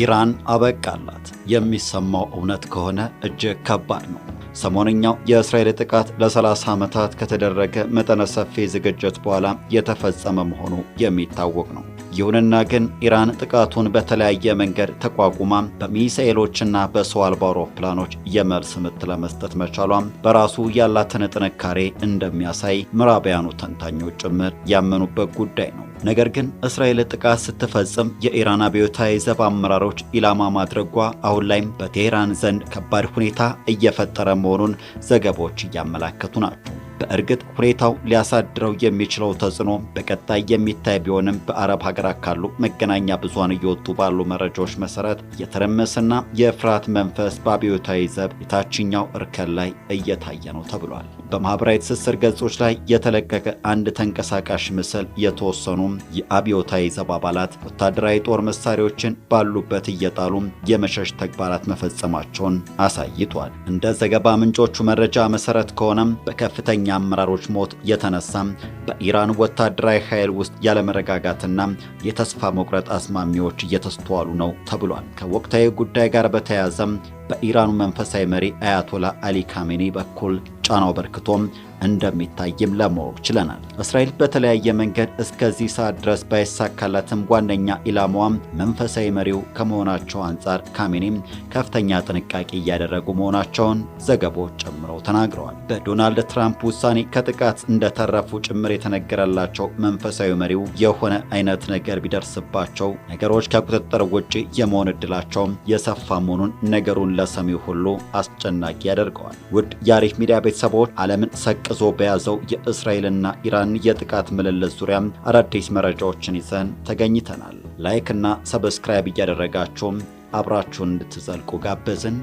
ኢራን አበቃላት የሚሰማው እውነት ከሆነ እጅግ ከባድ ነው። ሰሞነኛው የእስራኤል ጥቃት ለ30 ዓመታት ከተደረገ መጠነ ሰፊ ዝግጅት በኋላ የተፈጸመ መሆኑ የሚታወቅ ነው። ይሁንና ግን ኢራን ጥቃቱን በተለያየ መንገድ ተቋቁማ በሚሳኤሎችና በሰው አልባ አውሮፕላኖች የመልስ ምት ለመስጠት መቻሏም በራሱ ያላትን ጥንካሬ እንደሚያሳይ ምዕራባውያኑ ተንታኞች ጭምር ያመኑበት ጉዳይ ነው። ነገር ግን እስራኤል ጥቃት ስትፈጽም የኢራን አብዮታዊ ዘብ አመራሮች ኢላማ ማድረጓ አሁን ላይም በቴህራን ዘንድ ከባድ ሁኔታ እየፈጠረ መሆኑን ዘገባዎች እያመላከቱ ናቸው። በእርግጥ ሁኔታው ሊያሳድረው የሚችለው ተጽዕኖ በቀጣይ የሚታይ ቢሆንም በአረብ ሀገራት ካሉ መገናኛ ብዙሃን እየወጡ ባሉ መረጃዎች መሰረት የተረመስና የፍርሃት መንፈስ በአብዮታዊ ዘብ የታችኛው እርከን ላይ እየታየ ነው ተብሏል። በማህበራዊ ትስስር ገጾች ላይ የተለቀቀ አንድ ተንቀሳቃሽ ምስል የተወሰኑም የአብዮታዊ ዘብ አባላት ወታደራዊ ጦር መሳሪያዎችን ባሉበት እየጣሉ የመሸሽ ተግባራት መፈጸማቸውን አሳይቷል። እንደ ዘገባ ምንጮቹ መረጃ መሰረት ከሆነም በከፍተኛ አመራሮች ሞት የተነሳ በኢራን ወታደራዊ ኃይል ውስጥ ያለመረጋጋትና የተስፋ መቁረጥ አስማሚዎች እየተስተዋሉ ነው ተብሏል። ከወቅታዊ ጉዳይ ጋር በተያያዘ በኢራኑ መንፈሳዊ መሪ አያቶላ አሊ ካሜኒ በኩል ጫናው በርክቶም እንደሚታይም ለማወቅ ችለናል። እስራኤል በተለያየ መንገድ እስከዚህ ሰዓት ድረስ ባይሳካላትም ዋነኛ ኢላማዋም መንፈሳዊ መሪው ከመሆናቸው አንጻር ካሜኒም ከፍተኛ ጥንቃቄ እያደረጉ መሆናቸውን ዘገቦች ጨምረው ተናግረዋል። በዶናልድ ትራምፕ ውሳኔ ከጥቃት እንደተረፉ ጭምር የተነገረላቸው መንፈሳዊ መሪው የሆነ አይነት ነገር ቢደርስባቸው ነገሮች ከቁጥጥር ውጭ የመሆን እድላቸውም የሰፋ መሆኑን ነገሩን ለሰሚው ሁሉ አስጨናቂ ያደርገዋል። ውድ የአሪፍ ሚዲያ ቤተሰቦች ዓለምን ሰቅ ቀዝቅዞ በያዘው የእስራኤልና ኢራን የጥቃት ምልልስ ዙሪያ አዳዲስ መረጃዎችን ይዘን ተገኝተናል። ላይክና ሰብስክራይብ እያደረጋችሁም አብራችሁን እንድትዘልቁ ጋበዝን።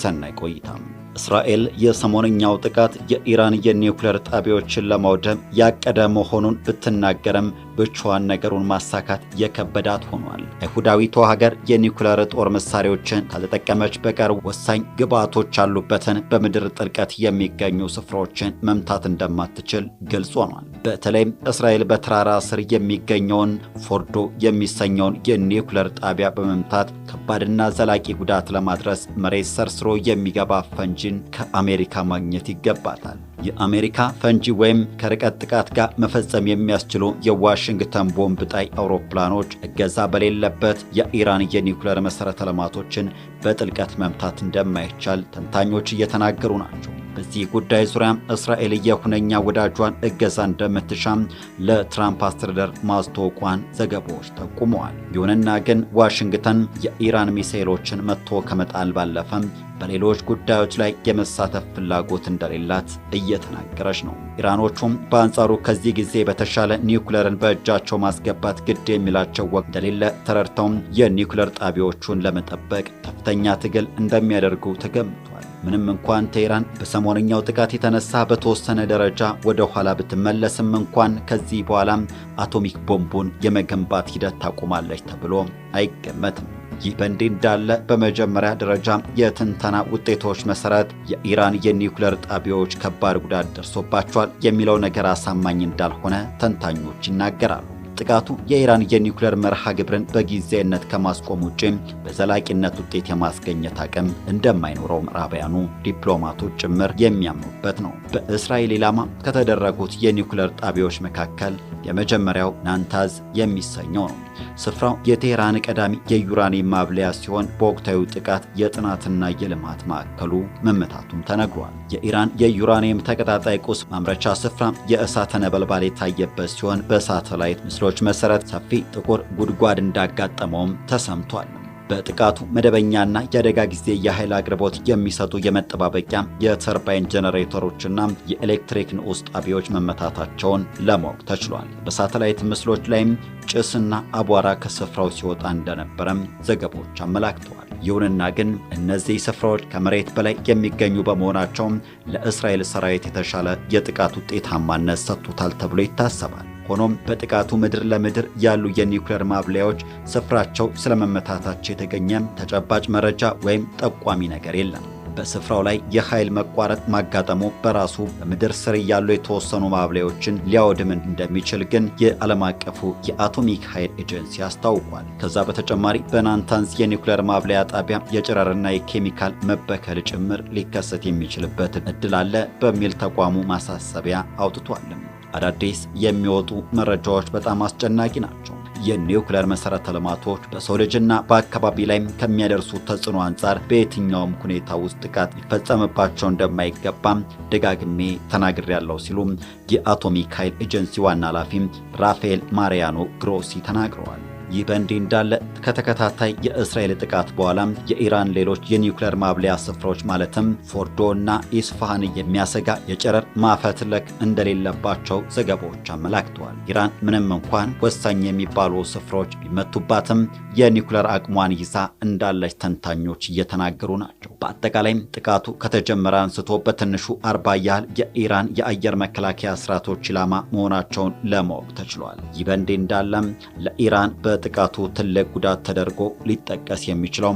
ሰናይ ቆይታም። እስራኤል የሰሞነኛው ጥቃት የኢራን የኒውክሌር ጣቢያዎችን ለማውደም ያቀደ መሆኑን ብትናገርም ብቻዋን ነገሩን ማሳካት የከበዳት ሆኗል። አይሁዳዊቱ ሀገር የኒውክለር ጦር መሳሪያዎችን ካልተጠቀመች በቀር ወሳኝ ግብዓቶች ያሉበትን በምድር ጥልቀት የሚገኙ ስፍራዎችን መምታት እንደማትችል ግልጽ ሆኗል። በተለይም እስራኤል በተራራ ስር የሚገኘውን ፎርዶ የሚሰኘውን የኒውክለር ጣቢያ በመምታት ከባድና ዘላቂ ጉዳት ለማድረስ መሬት ሰርስሮ የሚገባ ፈንጂን ከአሜሪካ ማግኘት ይገባታል። የአሜሪካ ፈንጂ ወይም ከርቀት ጥቃት ጋር መፈጸም የሚያስችሉ የዋሽ የዋሽንግተን ቦምብ ጣይ አውሮፕላኖች እገዛ በሌለበት የኢራን የኒውክሌር መሠረተ ልማቶችን በጥልቀት መምታት እንደማይቻል ተንታኞች እየተናገሩ ናቸው። በዚህ ጉዳይ ዙሪያ እስራኤል የሁነኛ ወዳጇን እገዛ እንደምትሻም ለትራምፕ አስተዳደር ማስታወቋን ዘገባዎች ጠቁመዋል። ይሁንና ግን ዋሽንግተን የኢራን ሚሳኤሎችን መጥቶ ከመጣል ባለፈም በሌሎች ጉዳዮች ላይ የመሳተፍ ፍላጎት እንደሌላት እየተናገረች ነው። ኢራኖቹም በአንጻሩ ከዚህ ጊዜ በተሻለ ኒውክለርን በእጃቸው ማስገባት ግድ የሚላቸው ወቅት እንደሌለ ተረድተውም የኒውክለር ጣቢያዎቹን ለመጠበቅ ከፍተኛ ትግል እንደሚያደርጉ ተገምቷል። ምንም እንኳን ቴህራን በሰሞነኛው ጥቃት የተነሳ በተወሰነ ደረጃ ወደ ኋላ ብትመለስም እንኳን ከዚህ በኋላም አቶሚክ ቦምቡን የመገንባት ሂደት ታቆማለች ተብሎ አይገመትም። ይህ በእንዲህ እንዳለ በመጀመሪያ ደረጃ የትንተና ውጤቶች መሰረት የኢራን የኒውክለር ጣቢያዎች ከባድ ጉዳት ደርሶባቸዋል የሚለው ነገር አሳማኝ እንዳልሆነ ተንታኞች ይናገራሉ። ጥቃቱ የኢራን የኒውክሌር መርሃ ግብርን በጊዜያዊነት ከማስቆም ውጪ በዘላቂነት ውጤት የማስገኘት አቅም እንደማይኖረው ምዕራባውያኑ ዲፕሎማቶች ጭምር የሚያምኑበት ነው። በእስራኤል ኢላማ ከተደረጉት የኒውክሌር ጣቢያዎች መካከል የመጀመሪያው ናንታዝ የሚሰኘው ነው። ስፍራው የቴህራን ቀዳሚ የዩራኒየም ማብለያ ሲሆን በወቅታዊ ጥቃት የጥናትና የልማት ማዕከሉ መመታቱም ተነግሯል። የኢራን የዩራኒየም ተቀጣጣይ ቁስ ማምረቻ ስፍራ የእሳተ ነበልባል የታየበት ሲሆን በሳተላይት ምስ በአስረዎች መሠረት ሰፊ ጥቁር ጉድጓድ እንዳጋጠመውም ተሰምቷል። በጥቃቱ መደበኛና የአደጋ ጊዜ የኃይል አቅርቦት የሚሰጡ የመጠባበቂያ የተርባይን ጄኔሬተሮችና የኤሌክትሪክ ንዑስ ጣቢያዎች መመታታቸውን ለማወቅ ተችሏል። በሳተላይት ምስሎች ላይም ጭስና አቧራ ከስፍራው ሲወጣ እንደነበረም ዘገባዎች አመላክተዋል። ይሁንና ግን እነዚህ ስፍራዎች ከመሬት በላይ የሚገኙ በመሆናቸውም ለእስራኤል ሰራዊት የተሻለ የጥቃት ውጤታማነት ሰጥቶታል ተብሎ ይታሰባል። ሆኖም በጥቃቱ ምድር ለምድር ያሉ የኒውክሌር ማብለያዎች ስፍራቸው ስለመመታታቸው የተገኘ ተጨባጭ መረጃ ወይም ጠቋሚ ነገር የለም። በስፍራው ላይ የኃይል መቋረጥ ማጋጠሙ በራሱ በምድር ስር ያሉ የተወሰኑ ማብለያዎችን ሊያወድም እንደሚችል ግን የዓለም አቀፉ የአቶሚክ ኃይል ኤጀንሲ አስታውቋል። ከዛ በተጨማሪ በናንታንስ የኒውክሌር ማብለያ ጣቢያ የጨረርና የኬሚካል መበከል ጭምር ሊከሰት የሚችልበት እድል አለ በሚል ተቋሙ ማሳሰቢያ አውጥቷልም። አዳዲስ የሚወጡ መረጃዎች በጣም አስጨናቂ ናቸው። የኒውክሌር መሰረተ ልማቶች በሰው ልጅና በአካባቢ ላይም ከሚያደርሱ ተጽዕኖ አንጻር በየትኛውም ሁኔታ ውስጥ ጥቃት ሊፈጸምባቸው እንደማይገባም ደጋግሜ ተናግሬያለሁ ሲሉም የአቶሚክ ኃይል ኤጀንሲ ዋና ኃላፊም ራፋኤል ማሪያኖ ግሮሲ ተናግረዋል። ይህ በእንዲህ እንዳለ ከተከታታይ የእስራኤል ጥቃት በኋላም የኢራን ሌሎች የኒውክሌር ማብለያ ስፍራዎች ማለትም ፎርዶ እና ኢስፋሃን የሚያሰጋ የጨረር ማፈትለክ እንደሌለባቸው ዘገባዎች አመላክተዋል። ኢራን ምንም እንኳን ወሳኝ የሚባሉ ስፍራዎች ቢመቱባትም የኒውክሌር አቅሟን ይዛ እንዳለች ተንታኞች እየተናገሩ ናቸው። በአጠቃላይም ጥቃቱ ከተጀመረ አንስቶ በትንሹ አርባ ያህል የኢራን የአየር መከላከያ ስርዓቶች ኢላማ መሆናቸውን ለማወቅ ተችሏል። ይህ በእንዲህ እንዳለም ለኢራን በ በጥቃቱ ትልቅ ጉዳት ተደርጎ ሊጠቀስ የሚችለው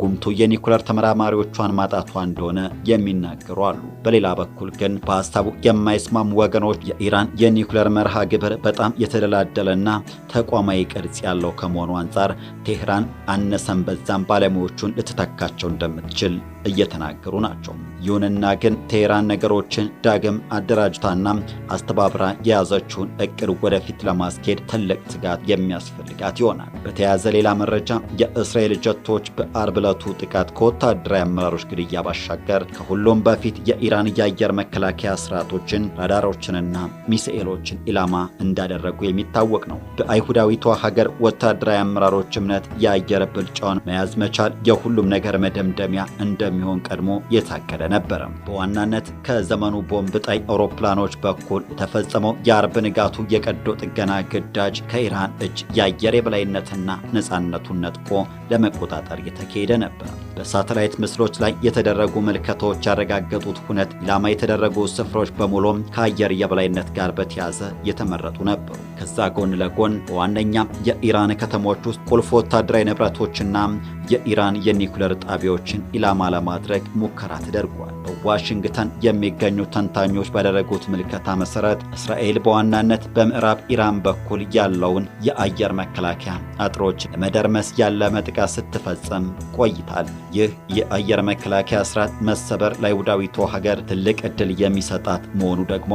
ጉምቱ የኒኩለር ተመራማሪዎቿን ማጣቷ እንደሆነ የሚናገሩ አሉ። በሌላ በኩል ግን በሀሳቡ የማይስማሙ ወገኖች የኢራን የኒኩለር መርሃ ግብር በጣም የተደላደለና ተቋማዊ ቅርጽ ያለው ከመሆኑ አንጻር ቴህራን አነሰን በዛም ባለሙያዎቹን ልትተካቸው እንደምትችል እየተናገሩ ናቸው። ይሁንና ግን ቴህራን ነገሮችን ዳግም አደራጅታና አስተባብራ የያዘችውን እቅድ ወደፊት ለማስኬድ ትልቅ ስጋት የሚያስፈልጋት ይሆናል። በተያያዘ ሌላ መረጃ የእስራኤል ጀቶች በአርብ የጥምረቱ ጥቃት ከወታደራዊ አመራሮች ግድያ ባሻገር ከሁሉም በፊት የኢራን የአየር መከላከያ ስርዓቶችን ራዳሮችንና ሚሳኤሎችን ኢላማ እንዳደረጉ የሚታወቅ ነው። በአይሁዳዊቷ ሀገር ወታደራዊ አመራሮች እምነት የአየር ብልጫውን መያዝ መቻል የሁሉም ነገር መደምደሚያ እንደሚሆን ቀድሞ የታቀደ ነበረ። በዋናነት ከዘመኑ ቦምብ ጣይ አውሮፕላኖች በኩል የተፈጸመው የአርብ ንጋቱ የቀዶ ጥገና ግዳጅ ከኢራን እጅ የአየር የበላይነትና ነፃነቱን ነጥቆ ለመቆጣጠር የተካሄደ ነበር። በሳተላይት ምስሎች ላይ የተደረጉ ምልከታዎች ያረጋገጡት ሁነት ኢላማ የተደረጉ ስፍራዎች በሙሉም ከአየር የበላይነት ጋር በተያዘ የተመረጡ ነበሩ። ከዛ ጎን ለጎን በዋነኛ የኢራን ከተሞች ውስጥ ቁልፍ ወታደራዊ ንብረቶችና የኢራን የኒውክለር ጣቢያዎችን ኢላማ ለማድረግ ሙከራ ተደርጓል። በዋሽንግተን የሚገኙ ተንታኞች ባደረጉት ምልከታ መሰረት እስራኤል በዋናነት በምዕራብ ኢራን በኩል ያለውን የአየር መከላከያ አጥሮች ለመደርመስ ያለ መጥቃት ስትፈጽም ቆ ቆይታል። ይህ የአየር መከላከያ ስርዓት መሰበር ለአይሁዳዊቷ ሀገር ትልቅ እድል የሚሰጣት መሆኑ ደግሞ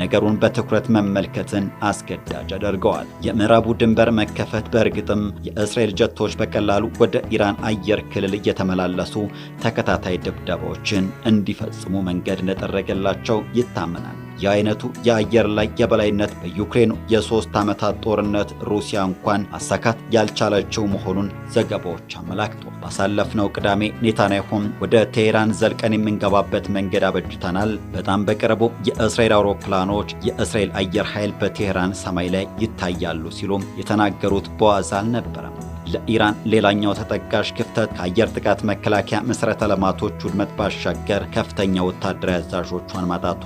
ነገሩን በትኩረት መመልከትን አስገዳጅ አደርገዋል። የምዕራቡ ድንበር መከፈት በእርግጥም የእስራኤል ጀቶች በቀላሉ ወደ ኢራን አየር ክልል እየተመላለሱ ተከታታይ ድብደባዎችን እንዲፈጽሙ መንገድ እንደጠረገላቸው ይታመናል። የአይነቱ የአየር ላይ የበላይነት በዩክሬኑ የሶስት ዓመታት ጦርነት ሩሲያ እንኳን ማሳካት ያልቻለችው መሆኑን ዘገባዎች አመላክቷል። ባሳለፍነው ቅዳሜ ኔታንያሁም ወደ ቴሄራን ዘልቀን የምንገባበት መንገድ አበጅተናል፣ በጣም በቅርቡ የእስራኤል አውሮፕላኖች፣ የእስራኤል አየር ኃይል በቴሄራን ሰማይ ላይ ይታያሉ ሲሉም የተናገሩት በዋዛ አልነበረም። ለኢራን ሌላኛው ተጠቃሽ ክፍተት ከአየር ጥቃት መከላከያ መሠረተ ልማቶች ውድመት ባሻገር ከፍተኛ ወታደራዊ አዛዦቿን ማጣቷ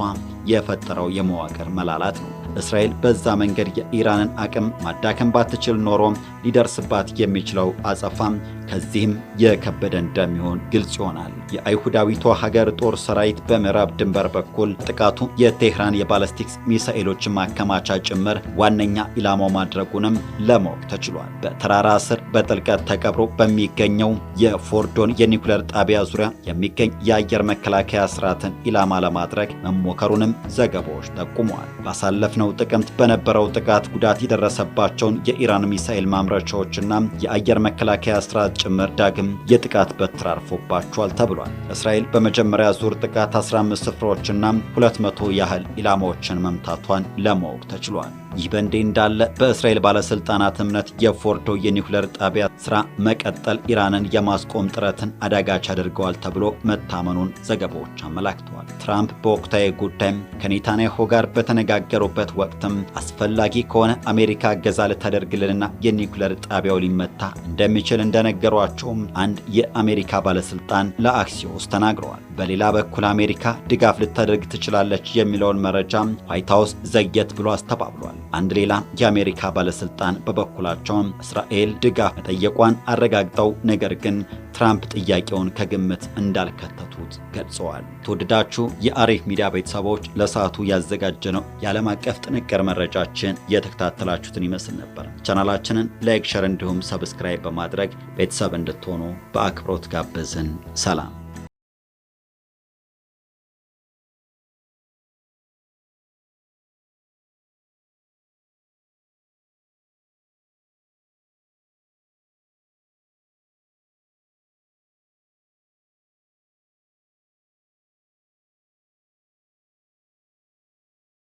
የፈጠረው የመዋቅር መላላት ነው። እስራኤል በዛ መንገድ የኢራንን አቅም ማዳከም ባትችል ኖሮም ሊደርስባት የሚችለው አጸፋም ከዚህም የከበደ እንደሚሆን ግልጽ ይሆናል። የአይሁዳዊቷ ሀገር ጦር ሰራዊት በምዕራብ ድንበር በኩል ጥቃቱ የቴህራን የባለስቲክስ ሚሳኤሎች ማከማቻ ጭምር ዋነኛ ኢላማው ማድረጉንም ለማወቅ ተችሏል። በተራራ ስር በጥልቀት ተቀብሮ በሚገኘው የፎርዶን የኒኩሌር ጣቢያ ዙሪያ የሚገኝ የአየር መከላከያ ስርዓትን ኢላማ ለማድረግ መሞከሩንም ዘገባዎች ጠቁመዋል። ባሳለፍነው ጥቅምት በነበረው ጥቃት ጉዳት የደረሰባቸውን የኢራን ሚሳኤል ማምረቻዎችና የአየር መከላከያ ስርዓት ጭምር ዳግም የጥቃት በትር አርፎባቸዋል ተብሏል። እስራኤል በመጀመሪያ ዙር ጥቃት 15 ስፍራዎችና 200 ያህል ኢላማዎችን መምታቷን ለማወቅ ተችሏል። ይህ በእንዲህ እንዳለ በእስራኤል ባለስልጣናት እምነት የፎርዶ የኒውክለር ጣቢያ ስራ መቀጠል ኢራንን የማስቆም ጥረትን አዳጋች አድርገዋል ተብሎ መታመኑን ዘገባዎች አመላክተዋል። ትራምፕ በወቅታዊ ጉዳይም ከኔታንያሁ ጋር በተነጋገሩበት ወቅትም አስፈላጊ ከሆነ አሜሪካ እገዛ ልታደርግልንና የኒውክለር ጣቢያው ሊመታ እንደሚችል እንደነገሯቸውም አንድ የአሜሪካ ባለስልጣን ለአክሲዮስ ተናግረዋል። በሌላ በኩል አሜሪካ ድጋፍ ልታደርግ ትችላለች የሚለውን መረጃ ዋይት ሀውስ ዘግየት ብሎ አስተባብሏል። አንድ ሌላ የአሜሪካ ባለስልጣን በበኩላቸው እስራኤል ድጋፍ መጠየቋን አረጋግጠው ነገር ግን ትራምፕ ጥያቄውን ከግምት እንዳልከተቱት ገልጸዋል። ተወደዳችሁ የአሪፍ ሚዲያ ቤተሰቦች ለሰዓቱ ያዘጋጀነው የዓለም አቀፍ ጥንቅር መረጃችን የተከታተላችሁትን ይመስል ነበር። ቻናላችንን ላይክ፣ ሸር እንዲሁም ሰብስክራይብ በማድረግ ቤተሰብ እንድትሆኑ በአክብሮት ጋብዝን። ሰላም